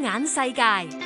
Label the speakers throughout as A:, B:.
A: 眼世界。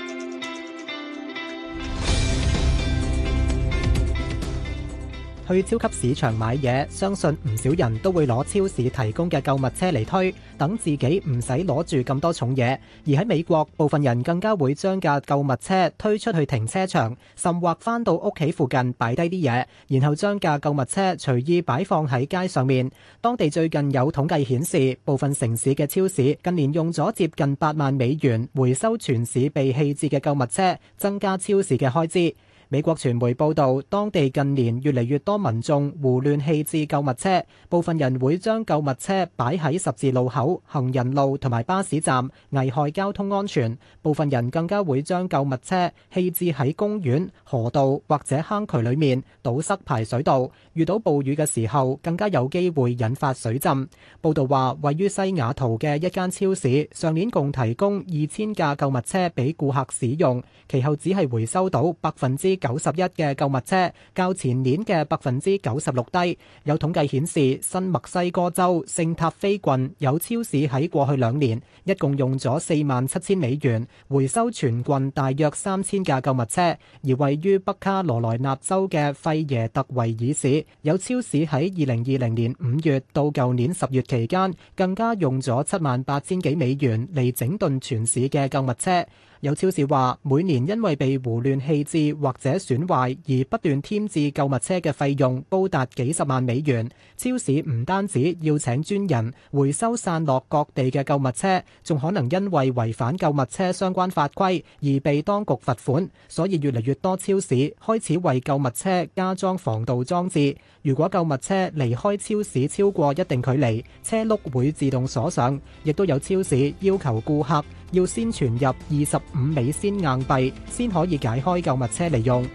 A: 去超級市場買嘢，相信唔少人都會攞超市提供嘅購物車嚟推，等自己唔使攞住咁多重嘢。而喺美國，部分人更加會將架購物車推出去停車場，甚或返到屋企附近擺低啲嘢，然後將架購物車隨意擺放喺街上面。當地最近有統計顯示，部分城市嘅超市近年用咗接近八萬美元回收全市被棄置嘅購物車，增加超市嘅開支。美國傳媒報導，當地近年越嚟越多民眾胡亂棄置購物車，部分人會將購物車擺喺十字路口、行人路同埋巴士站，危害交通安全。部分人更加會將購物車棄置喺公園、河道或者坑渠裡面，堵塞排水道。遇到暴雨嘅時候，更加有機會引發水浸。報導話，位於西雅圖嘅一間超市上年共提供二千架購物車畀顧客使用，其後只係回收到百分之九十一嘅購物車，較前年嘅百分之九十六低。有統計顯示，新墨西哥州聖塔菲郡有超市喺過去兩年一共用咗四萬七千美元回收全郡大約三千架購物車，而位於北卡羅來納州嘅費耶特維爾市有超市喺二零二零年五月到舊年十月期間，更加用咗七萬八千幾美元嚟整頓全市嘅購物車。有超市話，每年因為被胡亂棄置或者損壞而不斷添置購物車嘅費用高達幾十萬美元。超市唔單止要請專人回收散落各地嘅購物車，仲可能因為違反購物車相關法規而被當局罰款。所以越嚟越多超市開始為購物車加裝防盜裝置。如果購物車離開超市超過一定距離，車轆會自動鎖上。亦都有超市要求顧客要先存入二十。五美仙硬幣先可以解開購物車嚟用。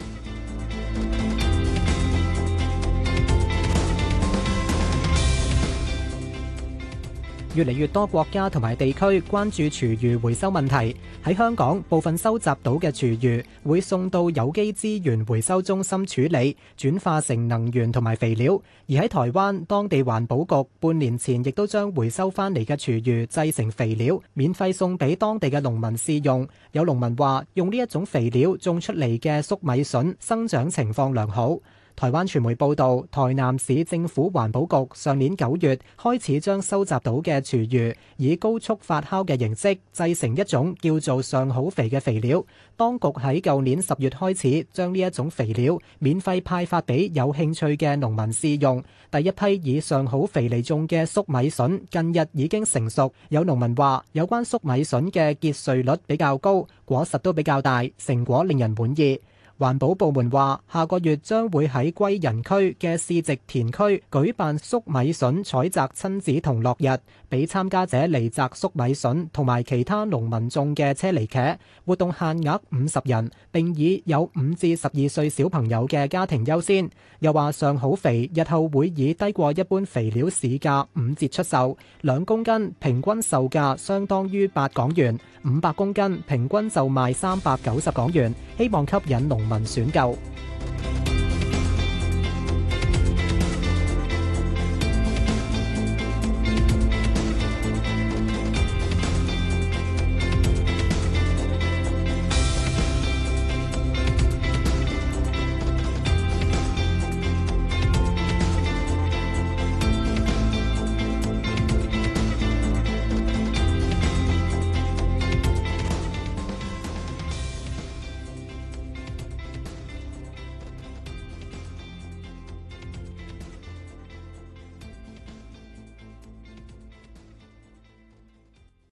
A: 越嚟越多國家同埋地區關注廚餘回收問題。喺香港，部分收集到嘅廚餘會送到有機資源回收中心處理，轉化成能源同埋肥料。而喺台灣，當地環保局半年前亦都將回收翻嚟嘅廚餘製成肥料，免費送俾當地嘅農民試用。有農民話，用呢一種肥料種出嚟嘅粟米筍生長情況良好。台灣傳媒報導，台南市政府環保局上年九月開始將收集到嘅廚餘，以高速發酵嘅形式製成一種叫做上好肥嘅肥料。當局喺舊年十月開始將呢一種肥料免費派發俾有興趣嘅農民試用。第一批以上好肥嚟種嘅粟米筍近日已經成熟，有農民話有關粟米筍嘅結穗率比較高，果實都比較大，成果令人滿意。環保部門話，下個月將會喺歸仁區嘅市直田區舉辦粟米筍採摘親子同樂日，俾參加者嚟摘粟米筍同埋其他農民種嘅車厘茄。活動限額五十人，並以有五至十二歲小朋友嘅家庭優先。又話上好肥，日後會以低過一般肥料市價五折出售，兩公斤平均售價相當於八港元，五百公斤平均就賣三百九十港元。希望吸引農民民選購。